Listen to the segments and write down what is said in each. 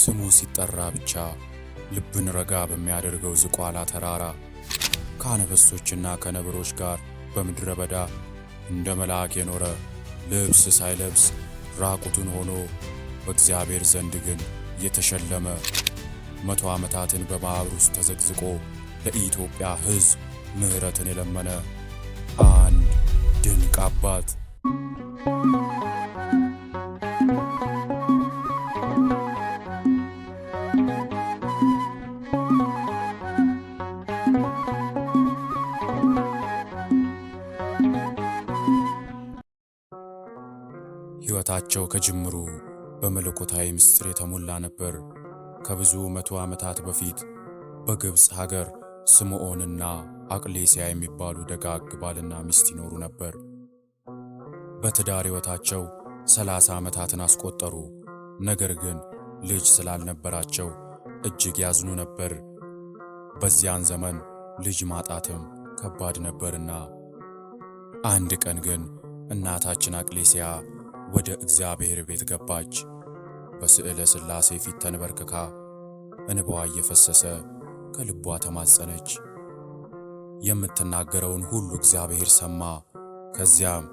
ስሙ ሲጠራ ብቻ ልብን ረጋ በሚያደርገው ዝቋላ ተራራ ከአነበሶችና ከነብሮች ጋር በምድረ በዳ እንደ መልአክ የኖረ ልብስ ሳይለብስ ራቁቱን ሆኖ በእግዚአብሔር ዘንድ ግን የተሸለመ መቶ ዓመታትን በማኅበር ውስጥ ተዘግዝቆ ለኢትዮጵያ ሕዝብ ምሕረትን የለመነ አንድ ድንቅ አባት ሕይወታቸው ከጅምሩ በመለኮታዊ ምስጢር የተሞላ ነበር። ከብዙ መቶ ዓመታት በፊት በግብፅ ሀገር ስምዖንና አቅሌስያ የሚባሉ ደጋግ ባልና ሚስት ይኖሩ ነበር። በትዳር ሕይወታቸው ሰላሳ ዓመታትን አስቆጠሩ። ነገር ግን ልጅ ስላልነበራቸው እጅግ ያዝኑ ነበር። በዚያን ዘመን ልጅ ማጣትም ከባድ ነበርና አንድ ቀን ግን እናታችን አቅሌስያ ወደ እግዚአብሔር ቤት ገባች። በስዕለ ሥላሴ ፊት ተንበርክካ እንባዋ እየፈሰሰ ከልቧ ተማጸነች። የምትናገረውን ሁሉ እግዚአብሔር ሰማ። ከዚያም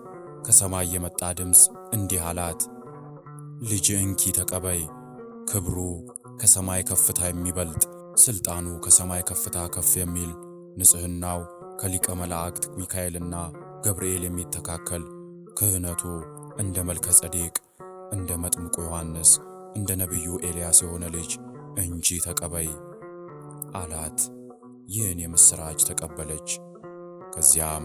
ከሰማይ የመጣ ድምፅ እንዲህ አላት፣ ልጅ እንኪ ተቀበይ። ክብሩ ከሰማይ ከፍታ የሚበልጥ ሥልጣኑ ከሰማይ ከፍታ ከፍ የሚል ንጽሕናው ከሊቀ መላእክት ሚካኤልና ገብርኤል የሚተካከል ክህነቱ እንደ መልከ ጸዴቅ፣ እንደ መጥምቁ ዮሐንስ፣ እንደ ነቢዩ ኤልያስ የሆነ ልጅ እንጂ ተቀበይ አላት። ይህን የምሥራች ተቀበለች። ከዚያም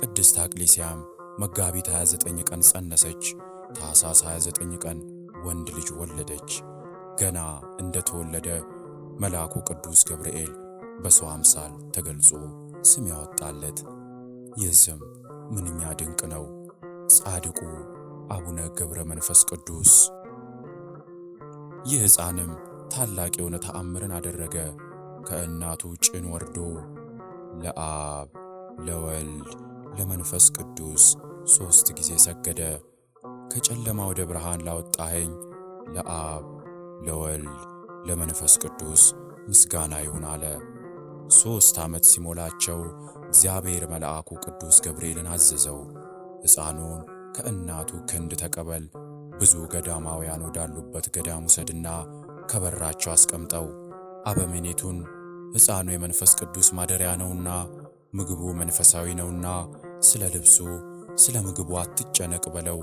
ቅድስት አቅሌስያም መጋቢት 29 ቀን ጸነሰች። ታኅሳስ 29 ቀን ወንድ ልጅ ወለደች። ገና እንደተወለደ መልአኩ ቅዱስ ገብርኤል በሰው አምሳል ተገልጾ ስም ያወጣለት። ይህ ስም ምንኛ ድንቅ ነው! ጻድቁ አቡነ ገብረ መንፈስ ቅዱስ። ይህ ሕፃንም ታላቅ የሆነ ተአምርን አደረገ። ከእናቱ ጭን ወርዶ ለአብ ለወልድ ለመንፈስ ቅዱስ ሦስት ጊዜ ሰገደ። ከጨለማ ወደ ብርሃን ላወጣኸኝ ለአብ ለወልድ ለመንፈስ ቅዱስ ምስጋና ይሁን አለ። ሦስት ዓመት ሲሞላቸው እግዚአብሔር መልአኩ ቅዱስ ገብርኤልን አዘዘው ሕፃኑን ከእናቱ ክንድ ተቀበል፣ ብዙ ገዳማውያን ወዳሉበት ገዳም ውሰድና ከበራቸው አስቀምጠው። አበምኔቱን ሕፃኑ የመንፈስ ቅዱስ ማደሪያ ነውና ምግቡ መንፈሳዊ ነውና ስለ ልብሱ ስለ ምግቡ አትጨነቅ በለው።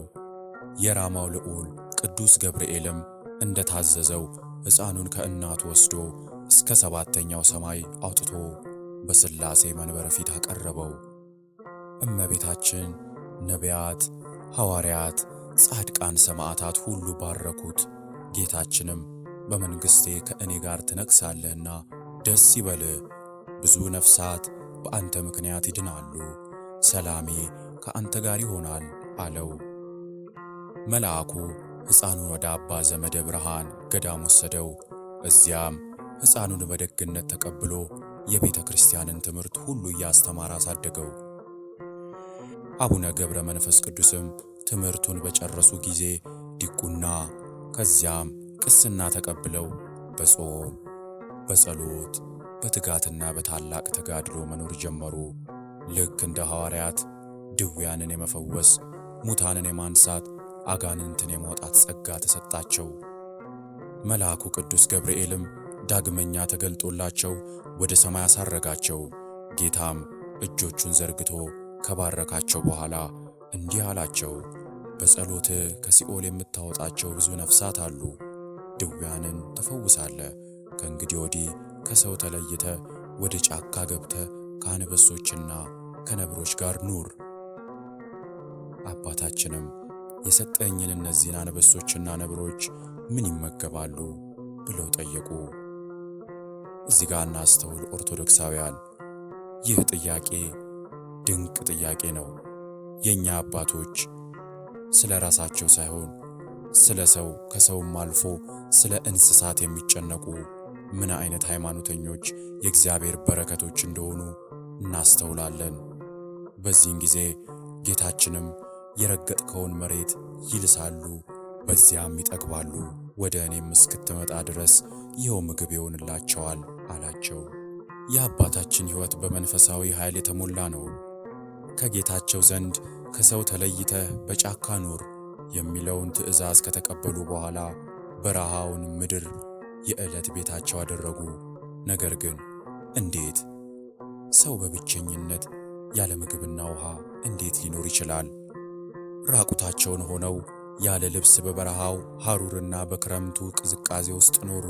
የራማው ልዑል ቅዱስ ገብርኤልም እንደ ታዘዘው ሕፃኑን ከእናቱ ወስዶ እስከ ሰባተኛው ሰማይ አውጥቶ በሥላሴ መንበር ፊት አቀረበው። እመቤታችን ነቢያት ሐዋርያት፣ ጻድቃን፣ ሰማዕታት ሁሉ ባረኩት። ጌታችንም በመንግሥቴ ከእኔ ጋር ትነግሣለህና ደስ ይበልህ፣ ብዙ ነፍሳት በአንተ ምክንያት ይድናሉ፣ ሰላሜ ከአንተ ጋር ይሆናል አለው። መልአኩ ሕፃኑን ወደ አባ ዘመደ ብርሃን ገዳም ወሰደው። እዚያም ሕፃኑን በደግነት ተቀብሎ የቤተ ክርስቲያንን ትምህርት ሁሉ እያስተማረ አሳደገው። አቡነ ገብረ መንፈስ ቅዱስም ትምህርቱን በጨረሱ ጊዜ ዲቁና ከዚያም ቅስና ተቀብለው በጾም በጸሎት በትጋትና በታላቅ ተጋድሎ መኖር ጀመሩ። ልክ እንደ ሐዋርያት ድውያንን የመፈወስ ሙታንን የማንሳት አጋንንትን የመውጣት ጸጋ ተሰጣቸው። መልአኩ ቅዱስ ገብርኤልም ዳግመኛ ተገልጦላቸው ወደ ሰማይ አሳረጋቸው። ጌታም እጆቹን ዘርግቶ ከባረካቸው በኋላ እንዲህ አላቸው፣ በጸሎት ከሲኦል የምታወጣቸው ብዙ ነፍሳት አሉ። ድውያንን ትፈውሳለህ። ከእንግዲህ ወዲህ ከሰው ተለይተ ወደ ጫካ ገብተ ከአንበሶችና ከነብሮች ጋር ኑር። አባታችንም የሰጠኝን እነዚህን አንበሶችና ነብሮች ምን ይመገባሉ ብለው ጠየቁ። እዚህ ጋር እናስተውል ኦርቶዶክሳውያን፣ ይህ ጥያቄ ድንቅ ጥያቄ ነው። የእኛ አባቶች ስለ ራሳቸው ሳይሆን ስለ ሰው ከሰውም አልፎ ስለ እንስሳት የሚጨነቁ ምን አይነት ሃይማኖተኞች የእግዚአብሔር በረከቶች እንደሆኑ እናስተውላለን። በዚህን ጊዜ ጌታችንም የረገጥከውን መሬት ይልሳሉ፣ በዚያም ይጠግባሉ፣ ወደ እኔም እስክትመጣ ድረስ ይኸው ምግብ ይሆንላቸዋል አላቸው። የአባታችን ሕይወት በመንፈሳዊ ኃይል የተሞላ ነው። ከጌታቸው ዘንድ ከሰው ተለይተህ በጫካ ኑር የሚለውን ትእዛዝ ከተቀበሉ በኋላ በረሃውን ምድር የዕለት ቤታቸው አደረጉ። ነገር ግን እንዴት ሰው በብቸኝነት ያለ ምግብና ውሃ እንዴት ሊኖር ይችላል? ራቁታቸውን ሆነው ያለ ልብስ በበረሃው ሐሩርና በክረምቱ ቅዝቃዜ ውስጥ ኖሩ።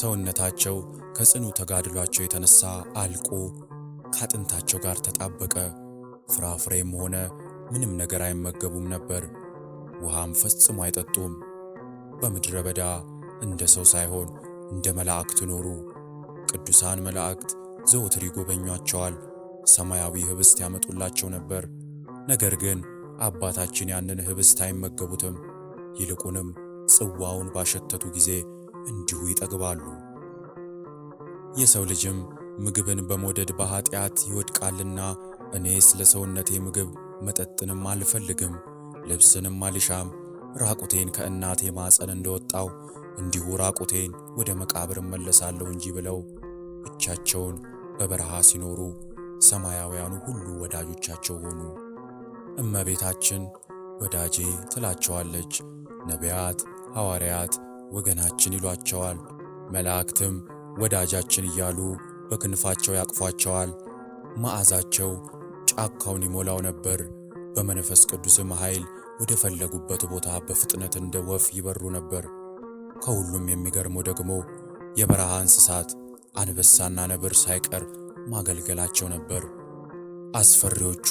ሰውነታቸው ከጽኑ ተጋድሏቸው የተነሳ አልቆ ከአጥንታቸው ጋር ተጣበቀ። ፍራፍሬም ሆነ ምንም ነገር አይመገቡም ነበር። ውሃም ፈጽሞ አይጠጡም። በምድረ በዳ እንደ ሰው ሳይሆን እንደ መላእክት ኖሩ። ቅዱሳን መላእክት ዘወትር ይጎበኟቸዋል፣ ሰማያዊ ህብስት ያመጡላቸው ነበር። ነገር ግን አባታችን ያንን ህብስት አይመገቡትም። ይልቁንም ጽዋውን ባሸተቱ ጊዜ እንዲሁ ይጠግባሉ። የሰው ልጅም ምግብን በመውደድ በኃጢአት ይወድቃልና ስለ ሰውነቴ ምግብ መጠጥንም አልፈልግም፣ ልብስንም አልሻም። ራቁቴን ከእናቴ ማፀን እንደወጣው እንዲሁ ራቁቴን ወደ መቃብር እመለሳለሁ እንጂ ብለው ብቻቸውን በበረሃ ሲኖሩ ሰማያውያኑ ሁሉ ወዳጆቻቸው ሆኑ። እመቤታችን ወዳጄ ትላቸዋለች። ነቢያት፣ ሐዋርያት ወገናችን ይሏቸዋል። መላእክትም ወዳጃችን እያሉ በክንፋቸው ያቅፏቸዋል። መዓዛቸው ጫካውን ይሞላው ነበር። በመንፈስ ቅዱስም ኃይል ወደ ፈለጉበት ቦታ በፍጥነት እንደ ወፍ ይበሩ ነበር። ከሁሉም የሚገርመው ደግሞ የበረሃ እንስሳት አንበሳና ነብር ሳይቀር ማገልገላቸው ነበር። አስፈሪዎቹ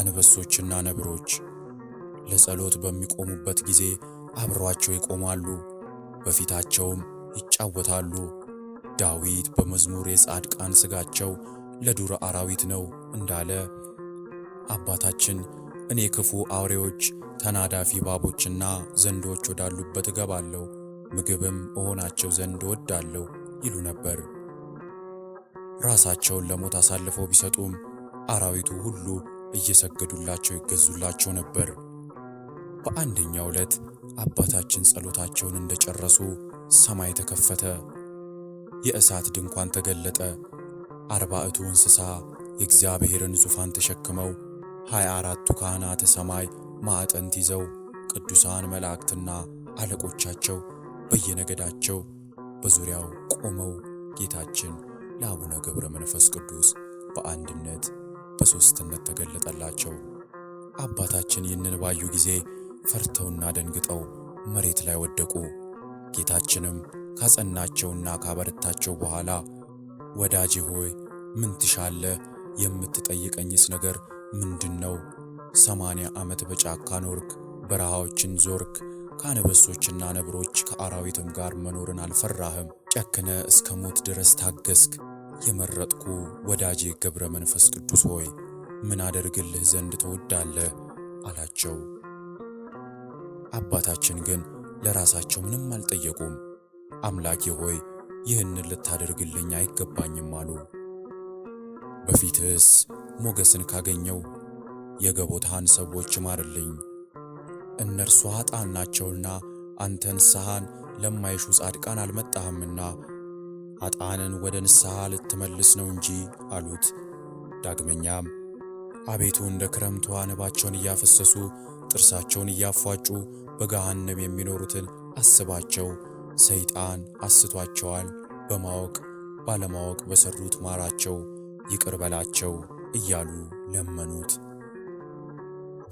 አንበሶችና ነብሮች ለጸሎት በሚቆሙበት ጊዜ አብሯቸው ይቆማሉ፣ በፊታቸውም ይጫወታሉ። ዳዊት በመዝሙር የጻድቃን ስጋቸው ለዱር አራዊት ነው እንዳለ አባታችን እኔ ክፉ አውሬዎች፣ ተናዳፊ ባቦችና ዘንዶች ወዳሉበት እገባለሁ ምግብም እሆናቸው ዘንድ እወዳለሁ ይሉ ነበር። ራሳቸውን ለሞት አሳልፈው ቢሰጡም አራዊቱ ሁሉ እየሰገዱላቸው ይገዙላቸው ነበር። በአንደኛው ዕለት አባታችን ጸሎታቸውን እንደጨረሱ ሰማይ ተከፈተ። የእሳት ድንኳን ተገለጠ። አርባዕቱ እንስሳ የእግዚአብሔርን ዙፋን ተሸክመው፣ ሀያ አራቱ ካህናተ ሰማይ ማዕጠንት ይዘው፣ ቅዱሳን መላእክትና አለቆቻቸው በየነገዳቸው በዙሪያው ቆመው ጌታችን ለአቡነ ገብረ መንፈስ ቅዱስ በአንድነት በሦስትነት ተገለጠላቸው። አባታችን ይህንን ባዩ ጊዜ ፈርተውና ደንግጠው መሬት ላይ ወደቁ። ጌታችንም ካጸናቸውና ካበረታቸው በኋላ ወዳጄ ሆይ ምን ትሻለህ? የምትጠይቀኝስ ነገር ምንድን ነው? ሰማንያ ዓመት በጫካ ኖርክ፣ በረሃዎችን ዞርክ፣ ከአንበሶችና ነብሮች ከአራዊትም ጋር መኖርን አልፈራህም። ጨክነ እስከ ሞት ድረስ ታገስክ። የመረጥኩ ወዳጄ ገብረ መንፈስ ቅዱስ ሆይ ምን አደርግልህ ዘንድ ትወዳለህ? አላቸው። አባታችን ግን ለራሳቸው ምንም አልጠየቁም። አምላኬ ሆይ ይህንን ልታደርግልኝ አይገባኝም አሉ። በፊትህስ ሞገስን ካገኘው የገቦታን ሰዎች ማርልኝ። እነርሱ ኃጥአን ናቸውና አንተ ንስሐን ለማይሹ ጻድቃን አልመጣህምና አጣንን ወደ ንስሐ ልትመልስ ነው እንጂ አሉት። ዳግመኛም አቤቱ እንደ ክረምቱ አንባቸውን እያፈሰሱ ጥርሳቸውን እያፏጩ በገሃነም የሚኖሩትን አስባቸው ሰይጣን አስቷቸዋል። በማወቅ ባለማወቅ በሰሩት ማራቸው፣ ይቅር በላቸው እያሉ ለመኑት።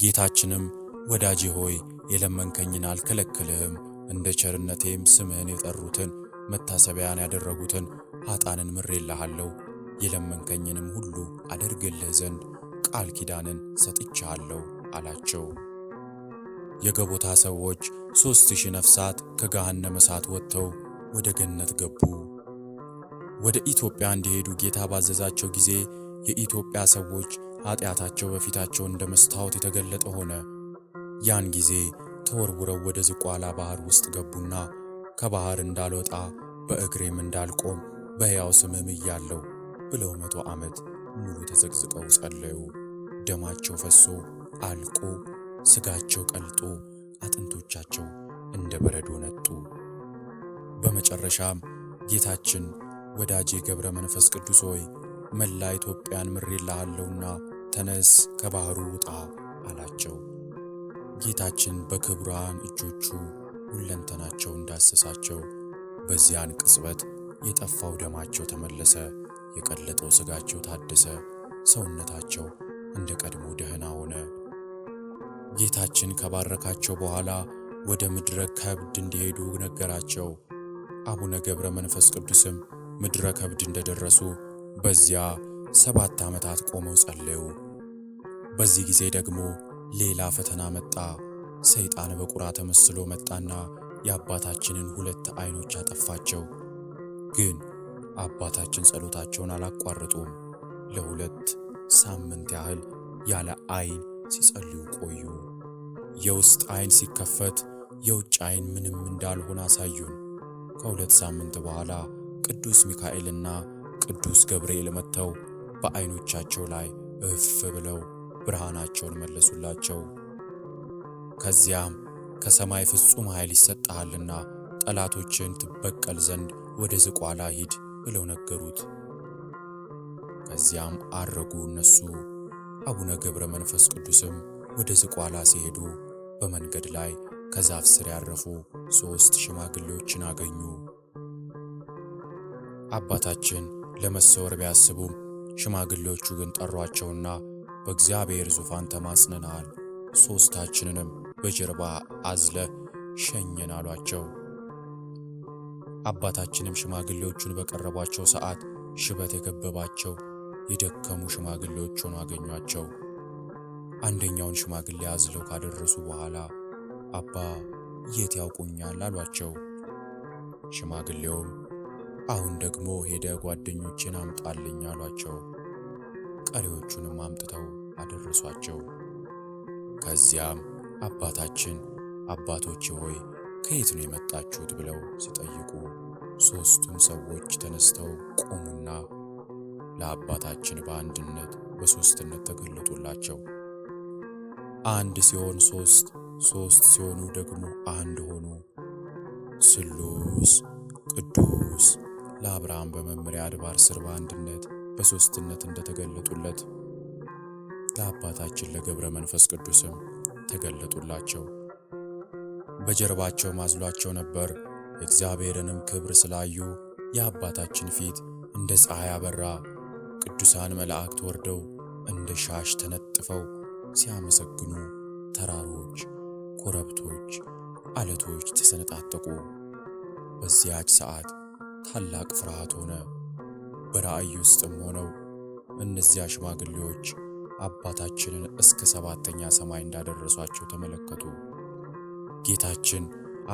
ጌታችንም ወዳጄ ሆይ የለመንከኝን አልከለክልህም፣ እንደ ቸርነቴም ስምህን የጠሩትን መታሰቢያን ያደረጉትን ኃጣንን ምሬልሃለሁ፣ የለመንከኝንም ሁሉ አደርግልህ ዘንድ ቃል ኪዳንን ሰጥቻለሁ አላቸው። የገቦታ ሰዎች ሦስት ሺህ ነፍሳት ከገሃነመ እሳት ወጥተው ወደ ገነት ገቡ። ወደ ኢትዮጵያ እንዲሄዱ ጌታ ባዘዛቸው ጊዜ የኢትዮጵያ ሰዎች ኃጢአታቸው በፊታቸው እንደ መስታወት የተገለጠ ሆነ። ያን ጊዜ ተወርውረው ወደ ዝቋላ ባህር ውስጥ ገቡና ከባህር እንዳልወጣ በእግሬም እንዳልቆም በሕያው ስምም እያለው ብለው መቶ ዓመት ሙሉ ተዘቅዝቀው ጸለዩ። ደማቸው ፈሶ አልቆ ስጋቸው ቀልጦ አጥንቶቻቸው እንደ በረዶ ነጡ። በመጨረሻም ጌታችን ወዳጄ ገብረ መንፈስ ቅዱስ ሆይ መላ ኢትዮጵያን ምሬልሃለሁና ተነስ፣ ከባህሩ ውጣ አላቸው። ጌታችን በክቡራን እጆቹ ሁለንተናቸው እንዳሰሳቸው በዚያን ቅጽበት የጠፋው ደማቸው ተመለሰ፣ የቀለጠው ስጋቸው ታደሰ፣ ሰውነታቸው እንደ ቀድሞ ደህና ሆነ። ጌታችን ከባረካቸው በኋላ ወደ ምድረ ከብድ እንዲሄዱ ነገራቸው። አቡነ ገብረ መንፈስ ቅዱስም ምድረ ከብድ እንደደረሱ በዚያ ሰባት ዓመታት ቆመው ጸለዩ። በዚህ ጊዜ ደግሞ ሌላ ፈተና መጣ። ሰይጣን በቁራ ተመስሎ መጣና የአባታችንን ሁለት ዐይኖች አጠፋቸው። ግን አባታችን ጸሎታቸውን አላቋረጡም። ለሁለት ሳምንት ያህል ያለ ዐይን ሲጸልዩ ቆዩ። የውስጥ ዓይን ሲከፈት የውጭ ዓይን ምንም እንዳልሆነ አሳዩን። ከሁለት ሳምንት በኋላ ቅዱስ ሚካኤልና ቅዱስ ገብርኤል መጥተው በዓይኖቻቸው ላይ እፍ ብለው ብርሃናቸውን መለሱላቸው። ከዚያም ከሰማይ ፍጹም ኃይል ይሰጥሃልና ጠላቶችን ትበቀል ዘንድ ወደ ዝቋላ ሂድ ብለው ነገሩት። ከዚያም አረጉ እነሱ አቡነ ገብረ መንፈስ ቅዱስም ወደ ዝቋላ ሲሄዱ በመንገድ ላይ ከዛፍ ስር ያረፉ ሦስት ሽማግሌዎችን አገኙ። አባታችን ለመሰወር ቢያስቡም ሽማግሌዎቹ ግን ጠሯቸውና በእግዚአብሔር ዙፋን ተማጽነናል፣ ሦስታችንንም በጀርባ አዝለ ሸኘን አሏቸው። አባታችንም ሽማግሌዎቹን በቀረቧቸው ሰዓት ሽበት የከበባቸው የደከሙ ሽማግሌዎች ሆኖ አገኟቸው። አንደኛውን ሽማግሌ አዝለው ካደረሱ በኋላ አባ የት ያውቁኛል አሏቸው። ሽማግሌውም አሁን ደግሞ ሄደ ጓደኞችን አምጣልኝ አሏቸው። ቀሪዎቹንም አምጥተው አደረሷቸው። ከዚያም አባታችን አባቶች ሆይ ከየት ነው የመጣችሁት ብለው ሲጠይቁ ሦስቱም ሰዎች ተነስተው ቆሙና ለአባታችን በአንድነት በሦስትነት ተገለጡላቸው። አንድ ሲሆን ሦስት፣ ሦስት ሲሆኑ ደግሞ አንድ ሆኑ። ስሉስ ቅዱስ ለአብርሃም በመምሪያ አድባር ስር በአንድነት በሦስትነት እንደተገለጡለት ለአባታችን ለገብረ መንፈስ ቅዱስም ተገለጡላቸው። በጀርባቸው ማዝሏቸው ነበር። የእግዚአብሔርንም ክብር ስላዩ የአባታችን ፊት እንደ ፀሐይ አበራ። ቅዱሳን መላእክት ወርደው እንደ ሻሽ ተነጥፈው ሲያመሰግኑ ተራሮች፣ ኮረብቶች፣ አለቶች ተሰነጣጠቁ። በዚያች ሰዓት ታላቅ ፍርሃት ሆነ። በራእይ ውስጥም ሆነው እነዚያ ሽማግሌዎች አባታችንን እስከ ሰባተኛ ሰማይ እንዳደረሷቸው ተመለከቱ። ጌታችን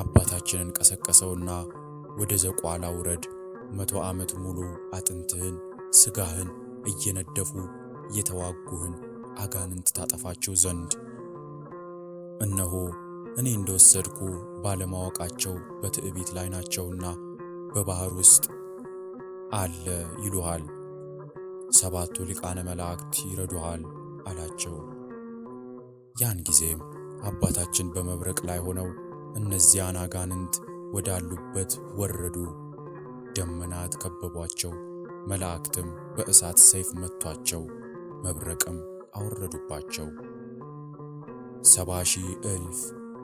አባታችንን ቀሰቀሰውና ወደ ዘቋላ ውረድ፣ መቶ ዓመት ሙሉ አጥንትህን ስጋህን ። እየነደፉ የተዋጉህን አጋንንት ታጠፋቸው ዘንድ እነሆ እኔ እንደወሰድኩ ባለማወቃቸው በትዕቢት ላይ ናቸውና በባህር ውስጥ አለ ይሉሃል። ሰባቱ ሊቃነ መላእክት ይረዱሃል አላቸው። ያን ጊዜም አባታችን በመብረቅ ላይ ሆነው እነዚያን አጋንንት ወዳሉበት ወረዱ። ደመናት ከበቧቸው። መላእክትም በእሳት ሰይፍ መቷቸው፣ መብረቅም አወረዱባቸው። ሰባ ሺህ እልፍ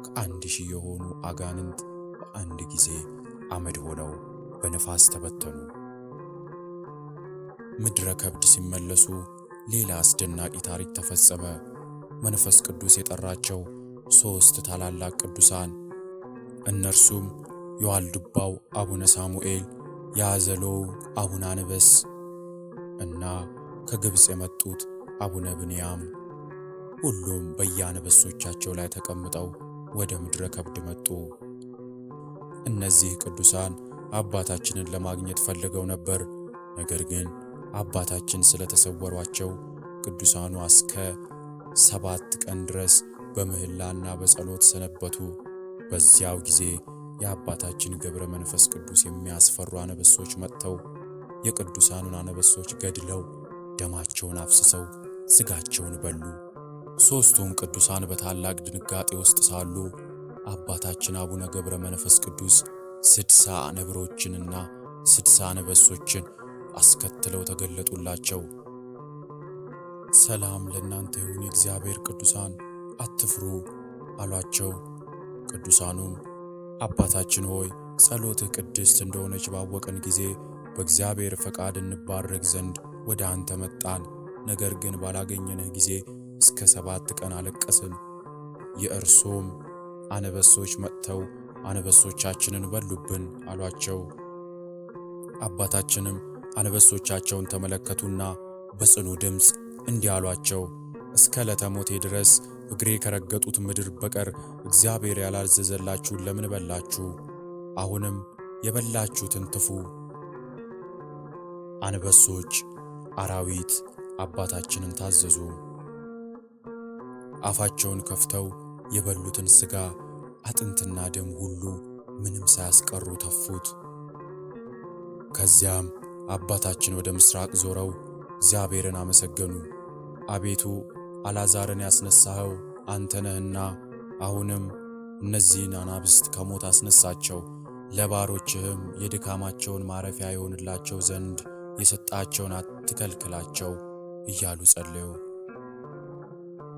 ከአንድ ሺህ የሆኑ አጋንንት በአንድ ጊዜ አመድ ሆነው በነፋስ ተበተኑ። ምድረ ከብድ ሲመለሱ ሌላ አስደናቂ ታሪክ ተፈጸመ። መንፈስ ቅዱስ የጠራቸው ሦስት ታላላቅ ቅዱሳን እነርሱም የዋልድባው አቡነ ሳሙኤል የአዘሎ አቡነ አንበስ እና ከግብፅ የመጡት አቡነ ብንያም ሁሉም በየአንበሶቻቸው ላይ ተቀምጠው ወደ ምድረ ከብድ መጡ። እነዚህ ቅዱሳን አባታችንን ለማግኘት ፈልገው ነበር። ነገር ግን አባታችን ስለተሰወሯቸው ቅዱሳኑ እስከ ሰባት ቀን ድረስ በምህላና በጸሎት ሰነበቱ። በዚያው ጊዜ የአባታችን ገብረ መንፈስ ቅዱስ የሚያስፈሩ አነበሶች መጥተው የቅዱሳኑን አነበሶች ገድለው ደማቸውን አፍስሰው ስጋቸውን በሉ። ሦስቱም ቅዱሳን በታላቅ ድንጋጤ ውስጥ ሳሉ አባታችን አቡነ ገብረ መንፈስ ቅዱስ ስድሳ ነብሮችንና ስድሳ ነበሶችን አስከትለው ተገለጡላቸው። ሰላም ለእናንተ ይሁን፣ የእግዚአብሔር ቅዱሳን አትፍሩ አሏቸው። ቅዱሳኑም አባታችን ሆይ ጸሎትህ ቅድስት እንደሆነች ባወቀን ጊዜ በእግዚአብሔር ፈቃድ እንባረክ ዘንድ ወደ አንተ መጣን። ነገር ግን ባላገኘንህ ጊዜ እስከ ሰባት ቀን አለቀስን። የእርሱም አነበሶች መጥተው አነበሶቻችንን በሉብን አሏቸው። አባታችንም አነበሶቻቸውን ተመለከቱና በጽኑ ድምፅ እንዲህ አሏቸው፣ እስከ ለተሞቴ ድረስ እግሬ ከረገጡት ምድር በቀር እግዚአብሔር ያላዘዘላችሁን ለምን በላችሁ? አሁንም የበላችሁትን ትፉ። አንበሶች፣ አራዊት አባታችንን ታዘዙ። አፋቸውን ከፍተው የበሉትን ሥጋ አጥንትና ደም ሁሉ ምንም ሳያስቀሩ ተፉት። ከዚያም አባታችን ወደ ምሥራቅ ዞረው እግዚአብሔርን አመሰገኑ። አቤቱ አላዛርን ያስነሳኸው አንተ ነህና አሁንም እነዚህን አናብስት ከሞት አስነሳቸው፣ ለባሮችህም የድካማቸውን ማረፊያ የሆንላቸው ዘንድ የሰጣቸውን አትከልክላቸው እያሉ ጸለዩ።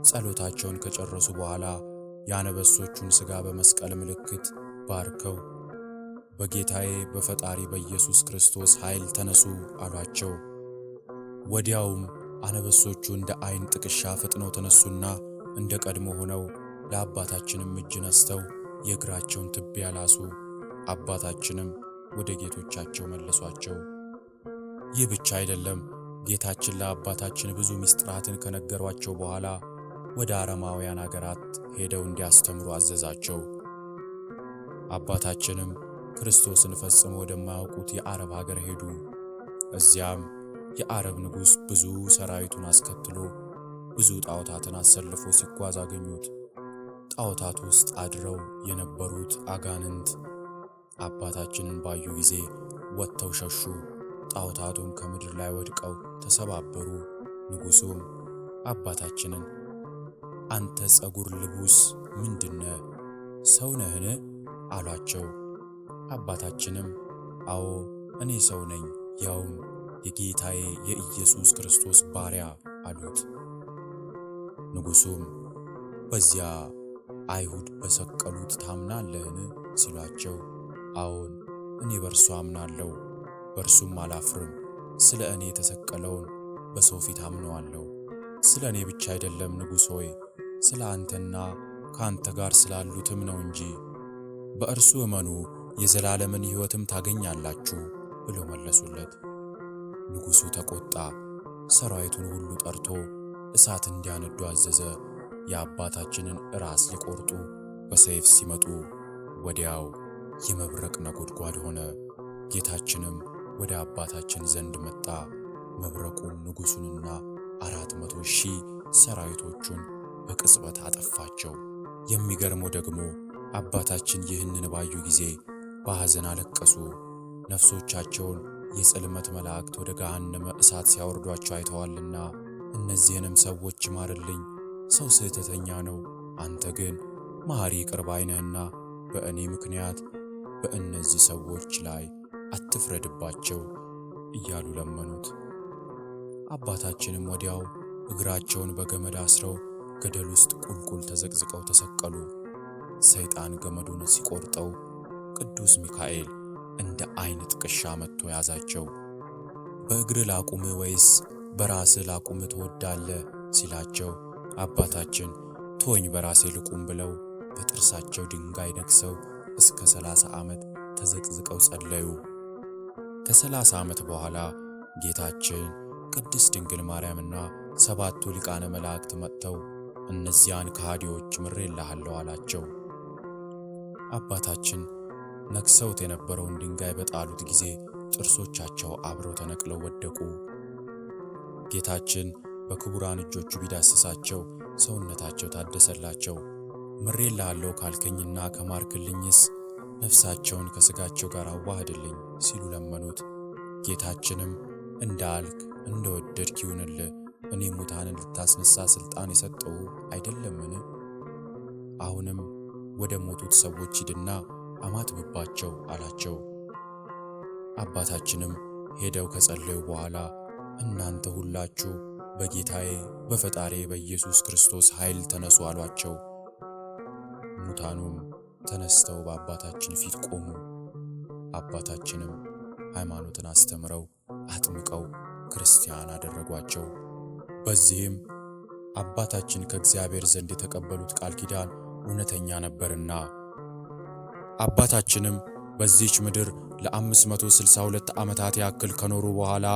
ጸሎታቸውን ከጨረሱ በኋላ የአነበሶቹን ሥጋ በመስቀል ምልክት ባርከው በጌታዬ በፈጣሪ በኢየሱስ ክርስቶስ ኃይል ተነሱ አሏቸው። ወዲያውም አነበሶቹ እንደ አይን ጥቅሻ ፈጥነው ተነሱና እንደ ቀድሞ ሆነው ለአባታችንም እጅ ነስተው የእግራቸውን ትቢያ ላሱ። አባታችንም ወደ ጌቶቻቸው መለሷቸው። ይህ ብቻ አይደለም። ጌታችን ለአባታችን ብዙ ምስጢራትን ከነገሯቸው በኋላ ወደ አረማውያን አገራት ሄደው እንዲያስተምሩ አዘዛቸው። አባታችንም ክርስቶስን ፈጽሞ ወደማያውቁት የአረብ አገር ሄዱ። እዚያም የአረብ ንጉሥ ብዙ ሰራዊቱን አስከትሎ ብዙ ጣዖታትን አሰልፎ ሲጓዝ አገኙት። ጣዖታት ውስጥ አድረው የነበሩት አጋንንት አባታችንን ባዩ ጊዜ ወጥተው ሸሹ። ጣዖታቱን ከምድር ላይ ወድቀው ተሰባበሩ። ንጉሡም አባታችንን አንተ ጸጉር ልቡስ ምንድነ ሰው ነህን? አሏቸው። አባታችንም አዎ እኔ ሰው ነኝ፣ ያውም የጌታዬ የኢየሱስ ክርስቶስ ባሪያ አሉት። ንጉሡም በዚያ አይሁድ በሰቀሉት ታምናለህን? ሲሏቸው አዎን፣ እኔ በእርሱ አምናለሁ፣ በእርሱም አላፍርም። ስለ እኔ የተሰቀለውን በሰው ፊት አምነዋለሁ። ስለ እኔ ብቻ አይደለም ንጉሥ ሆይ ስለ አንተና ከአንተ ጋር ስላሉትም ነው እንጂ በእርሱ እመኑ የዘላለምን ሕይወትም ታገኛላችሁ ብሎ መለሱለት። ንጉሡ ተቆጣ። ሰራዊቱን ሁሉ ጠርቶ እሳት እንዲያነዱ አዘዘ። የአባታችንን ራስ ሊቆርጡ በሰይፍ ሲመጡ ወዲያው የመብረቅ ነጎድጓድ ሆነ። ጌታችንም ወደ አባታችን ዘንድ መጣ። መብረቁን ንጉሡንና አራት መቶ ሺህ ሰራዊቶቹን በቅጽበት አጠፋቸው። የሚገርመው ደግሞ አባታችን ይህንን ባዩ ጊዜ በሐዘን አለቀሱ። ነፍሶቻቸውን የጽልመት መላእክት ወደ ገሃነመ እሳት ሲያወርዷቸው አይተዋልና እነዚህንም ሰዎች ማርልኝ። ሰው ስህተተኛ ነው፣ አንተ ግን መሐሪ ቅርብ አይነህና በእኔ ምክንያት በእነዚህ ሰዎች ላይ አትፍረድባቸው እያሉ ለመኑት። አባታችንም ወዲያው እግራቸውን በገመድ አስረው ገደል ውስጥ ቁልቁል ተዘቅዝቀው ተሰቀሉ። ሰይጣን ገመዱን ሲቆርጠው ቅዱስ ሚካኤል እንደ አይን ጥቅሻ መጥቶ ያዛቸው። በእግር ላቁም ወይስ በራስ ላቁም ትወዳለ ሲላቸው አባታችን ቶኝ በራሴ ልቁም ብለው በጥርሳቸው ድንጋይ ነክሰው እስከ 30 ዓመት ተዘቅዝቀው ጸለዩ። ከ30 ዓመት በኋላ ጌታችን ቅድስት ድንግል ማርያምና ሰባቱ ሊቃነ መላእክት መጥተው እነዚያን ከሃዲዎች ምሬልሃለሁ አላቸው። አባታችን ነክሰውት የነበረውን ድንጋይ በጣሉት ጊዜ ጥርሶቻቸው አብረው ተነቅለው ወደቁ። ጌታችን በክቡራን እጆቹ ቢዳስሳቸው ሰውነታቸው ታደሰላቸው። ምሬልሃለሁ ካልከኝና ከማርክልኝስ ነፍሳቸውን ከሥጋቸው ጋር አዋህድልኝ ሲሉ ለመኑት። ጌታችንም እንዳልክ እንደ ወደድክ ይሁንልህ፣ እኔ ሙታንን ልታስነሳ ሥልጣን የሰጠው አይደለምን? አሁንም ወደ ሞቱት ሰዎች ሂድና አማትብባቸው አላቸው። አባታችንም ሄደው ከጸለዩ በኋላ እናንተ ሁላችሁ በጌታዬ በፈጣሬ በኢየሱስ ክርስቶስ ኃይል ተነሱ አሏቸው። ሙታኑም ተነስተው በአባታችን ፊት ቆሙ። አባታችንም ሃይማኖትን አስተምረው አጥምቀው ክርስቲያን አደረጓቸው። በዚህም አባታችን ከእግዚአብሔር ዘንድ የተቀበሉት ቃል ኪዳን እውነተኛ ነበርና አባታችንም በዚች ምድር ለ562 ዓመታት ያክል ከኖሩ በኋላ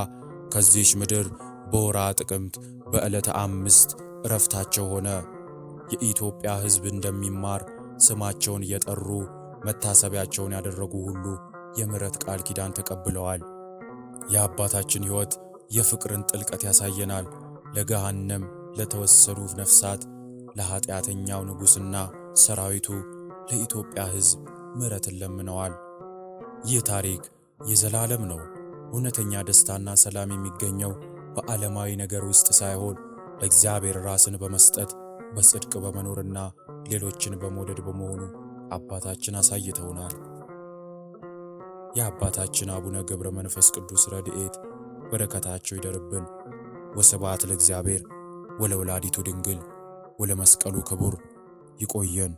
ከዚች ምድር በወራ ጥቅምት በዕለተ አምስት እረፍታቸው ሆነ። የኢትዮጵያ ሕዝብ እንደሚማር ስማቸውን እየጠሩ መታሰቢያቸውን ያደረጉ ሁሉ የምሕረት ቃል ኪዳን ተቀብለዋል። የአባታችን ሕይወት የፍቅርን ጥልቀት ያሳየናል። ለገሃነም ለተወሰዱ ነፍሳት፣ ለኀጢአተኛው ንጉሥና ሰራዊቱ፣ ለኢትዮጵያ ሕዝብ ምሕረትን ለምነዋል። ይህ ታሪክ የዘላለም ነው። እውነተኛ ደስታና ሰላም የሚገኘው በዓለማዊ ነገር ውስጥ ሳይሆን ለእግዚአብሔር ራስን በመስጠት በጽድቅ በመኖርና ሌሎችን በመውደድ በመሆኑ አባታችን አሳይተውናል። የአባታችን አቡነ ገብረ መንፈስ ቅዱስ ረድኤት በረከታቸው ይደርብን። ወስብሐት ለእግዚአብሔር ወለወላዲቱ ድንግል ወለመስቀሉ ክቡር። ይቆየን።